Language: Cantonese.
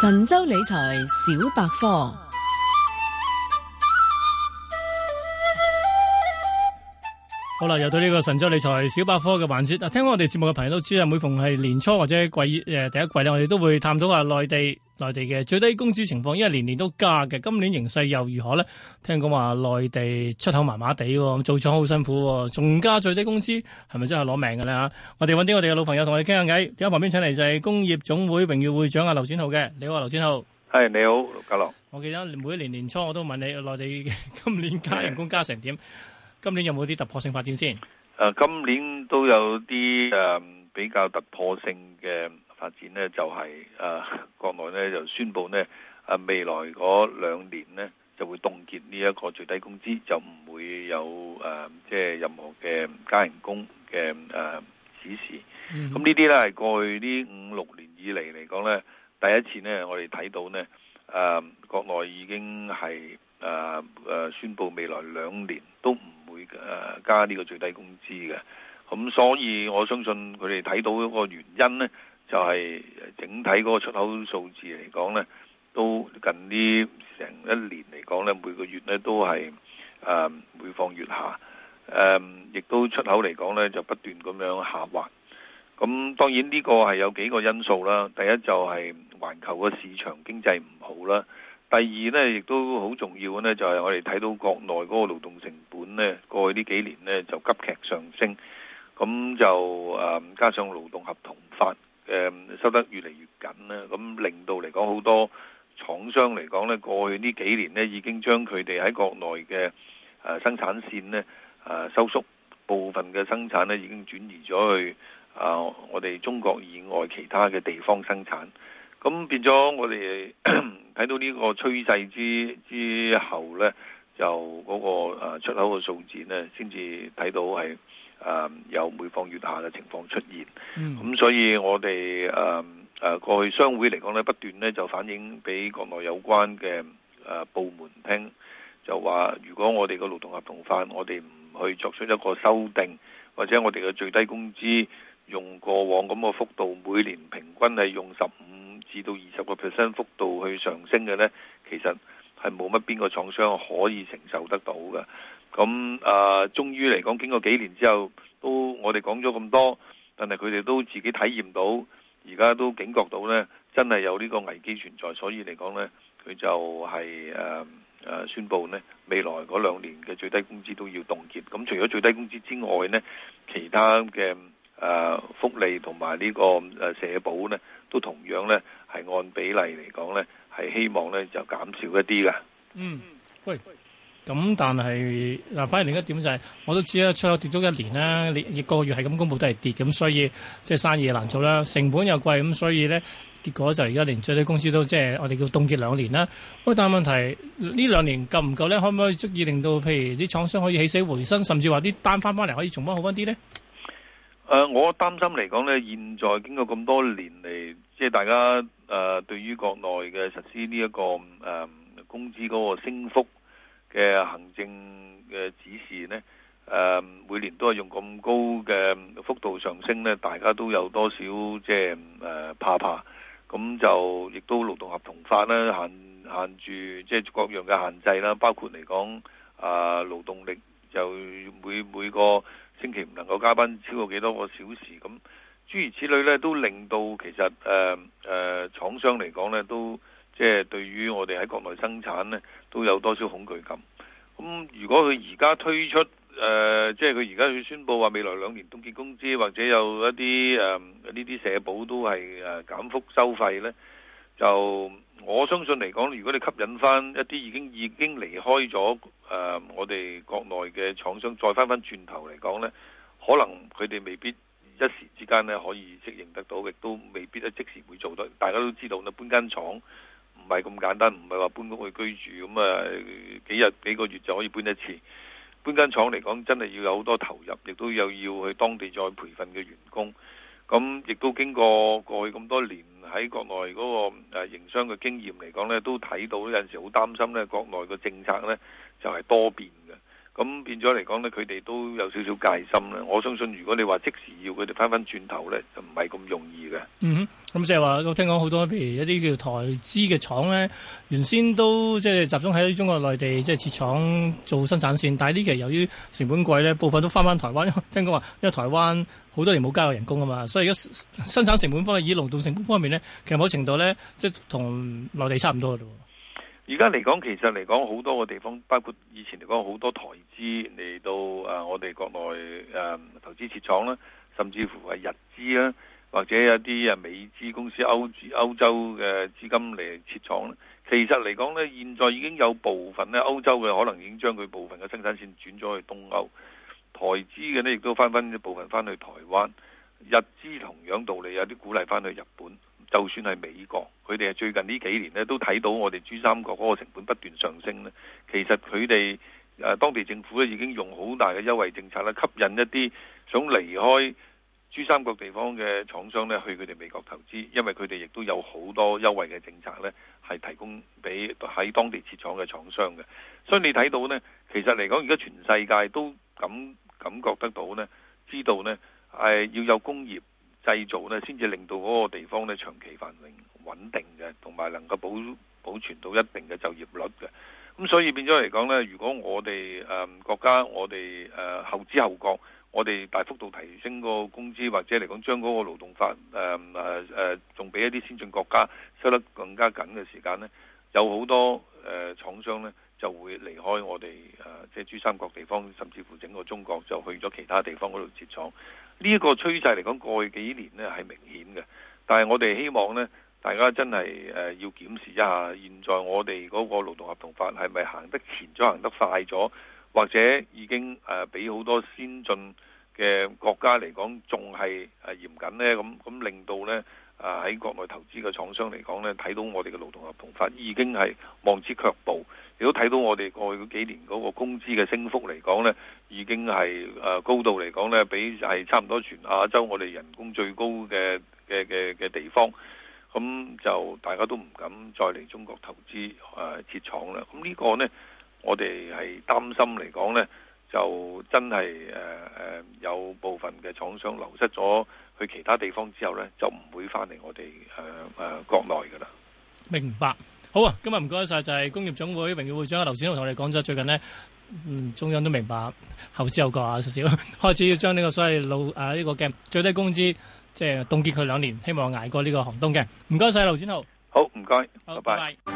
神州理財小百科。好啦，又到呢個神州理財小百科嘅環節。聽過我哋節目嘅朋友都知啦，每逢係年初或者係季誒第一季咧，我哋都會探討下內地內地嘅最低工資情況，因為年年都加嘅。今年形勢又如何咧？聽講話內地出口麻麻地，做廠好辛苦，仲加最低工資，係咪真係攞命嘅咧？吓，我哋揾啲我哋嘅老朋友同我哋傾下偈。點解旁邊請嚟就係工業總會榮譽會長阿劉展瀇嘅？你好，劉展瀇。係，你好，嘉樂。我記得每一年年初我都問你，內地今年加人工加成點？今年有冇啲突破性發展先？誒，今年都有啲誒比較突破性嘅發展咧，就係誒國內咧就宣布咧，誒未來嗰兩年咧就會凍結呢一個最低工資，就唔會有誒即係任何嘅加人工嘅誒指示。咁呢啲咧係過去呢五六年以嚟嚟講咧，第一次咧我哋睇到咧誒國內已經係。誒誒、啊，宣布未來兩年都唔會誒加呢個最低工資嘅，咁所以我相信佢哋睇到一個原因呢，就係、是、整體嗰個出口數字嚟講呢，都近啲成一年嚟講呢，每個月呢都係誒、啊、每況愈下，誒、啊、亦都出口嚟講呢，就不斷咁樣下滑。咁當然呢個係有幾個因素啦，第一就係環球個市場經濟唔好啦。第二呢，亦都好重要嘅呢，就係、是、我哋睇到國內嗰個勞動成本呢，過去呢幾年呢，就急劇上升，咁就誒、嗯、加上勞動合同法誒、嗯、收得越嚟越緊啦，咁、嗯、令到嚟講好多廠商嚟講呢，過去呢幾年呢，已經將佢哋喺國內嘅誒生產線呢誒、啊、收縮部分嘅生產呢，已經轉移咗去誒、啊、我哋中國以外其他嘅地方生產，咁變咗我哋。 睇到呢個趨勢之之後呢，就嗰個出口嘅數字呢，先至睇到係誒有每況愈下嘅情況出現。咁、mm. 嗯、所以我哋誒誒過去商會嚟講呢，不斷呢就反映俾國內有關嘅誒、呃、部門聽，就話如果我哋嘅勞動合同法，我哋唔去作出一個修訂，或者我哋嘅最低工資用過往咁嘅幅度，每年平均係用十五，至到二十個 percent 幅度去上升嘅呢，其實係冇乜邊個廠商可以承受得到嘅。咁啊，終於嚟講經過幾年之後，都我哋講咗咁多，但係佢哋都自己體驗到，而家都警覺到呢，真係有呢個危機存在。所以嚟講呢，佢就係誒誒宣布呢未來嗰兩年嘅最低工資都要凍結。咁除咗最低工資之外呢，其他嘅，誒、啊、福利同埋呢個誒、啊、社保咧，都同樣咧係按比例嚟講咧，係希望咧就減少一啲㗎。嗯，喂，咁但係嗱，反而另一點就係、是、我都知啦，出口跌咗一年啦，你一個月係咁公佈都係跌咁，所以即係、就是、生意難做啦，成本又貴咁，所以咧結果就而家連最低工資都即、就、係、是、我哋叫凍結兩年啦。喂，但係問題呢兩年夠唔夠咧？可唔可以足以令到譬如啲廠商可以起死回生，甚至話啲單翻返嚟可以重翻好翻啲咧？誒，我擔心嚟講呢，現在經過咁多年嚟，即係大家誒對於國內嘅實施呢一個誒工資嗰個升幅嘅行政嘅指示呢，誒每年都係用咁高嘅幅度上升呢，大家都有多少即係誒怕怕，咁就亦都勞動合同法呢限限住即係各樣嘅限制啦，包括嚟講啊勞動力就每每個星期唔能夠加班超過幾多個小時咁，諸如此類呢，都令到其實誒誒、呃呃、廠商嚟講呢，都即係、就是、對於我哋喺國內生產呢，都有多少恐懼感。咁如果佢而家推出誒，即係佢而家要宣布話未來兩年凍結工資，或者有一啲誒呢啲社保都係誒減幅收費呢，就。我相信嚟講，如果你吸引翻一啲已經已經離開咗誒、呃、我哋國內嘅廠商再翻翻轉頭嚟講咧，可能佢哋未必一時之間咧可以適應得到，亦都未必咧即時會做得。大家都知道咧，搬間廠唔係咁簡單，唔係話搬屋去居住咁啊、嗯，幾日幾個月就可以搬一次。搬間廠嚟講，真係要有好多投入，亦都有要去當地再培訓嘅員工。咁亦都經過過去咁多年喺國內嗰個誒營商嘅經驗嚟講咧，都睇到有陣時好擔心咧，國內嘅政策咧就係多變。咁變咗嚟講咧，佢哋都有少少戒心咧。我相信如果你話即時要佢哋翻翻轉頭咧，就唔係咁容易嘅。嗯哼，咁即係話，我聽講好多，譬如一啲叫台資嘅廠咧，原先都即係集中喺中國內地，即係設廠做生產線。但係呢期由於成本貴咧，部分都翻返台灣。聽講話，因為台灣好多年冇加過人工啊嘛，所以而家生產成本方面，以勞動成本方面咧，其實某程度咧，即係同內地差唔多嘅。而家嚟講，其實嚟講，好多個地方，包括以前嚟講，好多台資嚟到誒、啊、我哋國內誒、嗯、投資設廠啦，甚至乎係日資啦，或者一啲誒美資公司歐、歐洲嘅資金嚟設廠。其實嚟講呢，現在已經有部分咧，歐洲嘅可能已經將佢部分嘅生產線轉咗去東歐，台資嘅呢亦都翻翻一部分翻去台灣，日資同樣道理，有啲鼓勵翻去日本。就算係美國，佢哋係最近呢幾年咧都睇到我哋珠三角嗰個成本不斷上升咧。其實佢哋誒當地政府咧已經用好大嘅優惠政策咧吸引一啲想離開珠三角地方嘅廠商咧去佢哋美國投資，因為佢哋亦都有好多優惠嘅政策咧係提供俾喺當地設廠嘅廠商嘅。所以你睇到呢，其實嚟講而家全世界都感感覺得到呢，知道呢，係要有工業。製造呢，先至令到嗰個地方呢，長期繁榮穩定嘅，同埋能夠保保存到一定嘅就業率嘅。咁、嗯、所以變咗嚟講呢，如果我哋誒、呃、國家，我哋誒、呃、後知後覺，我哋大幅度提升個工資，或者嚟講將嗰個勞動法誒誒誒，仲、呃、比、呃呃、一啲先進國家收得更加緊嘅時間呢，有好多誒、呃、廠商呢就會離開我哋誒、呃、即係珠三角地方，甚至乎整個中國就去咗其他地方嗰度設廠。呢一個趨勢嚟講，過去幾年呢係明顯嘅，但係我哋希望呢，大家真係誒、呃、要檢視一下，現在我哋嗰個勞動合同法係咪行得前咗、行得快咗，或者已經誒、呃、比好多先進嘅國家嚟講仲係誒嚴謹呢？咁咁令到呢。啊！喺國內投資嘅廠商嚟講呢，睇到我哋嘅勞動合同法已經係望之卻步。亦都睇到我哋過去嗰幾年嗰個工資嘅升幅嚟講呢，已經係誒、呃、高度嚟講呢，比係差唔多全亞洲我哋人工最高嘅嘅嘅嘅地方。咁就大家都唔敢再嚟中國投資誒、呃、設廠啦。咁呢個呢，我哋係擔心嚟講呢。就真係誒誒有部分嘅廠商流失咗去其他地方之後咧，就唔會翻嚟我哋誒誒國內噶啦。明白，好啊！今日唔該曬，就係工業總會名譽會長劉展瀇同我哋講咗最近咧，嗯，中央都明白，後知後覺啊少少，開始要將呢個所謂老誒呢個嘅最低工資，即係凍結佢兩年，希望捱過呢個寒冬嘅。唔該曬，劉展瀇。好，唔該，拜拜。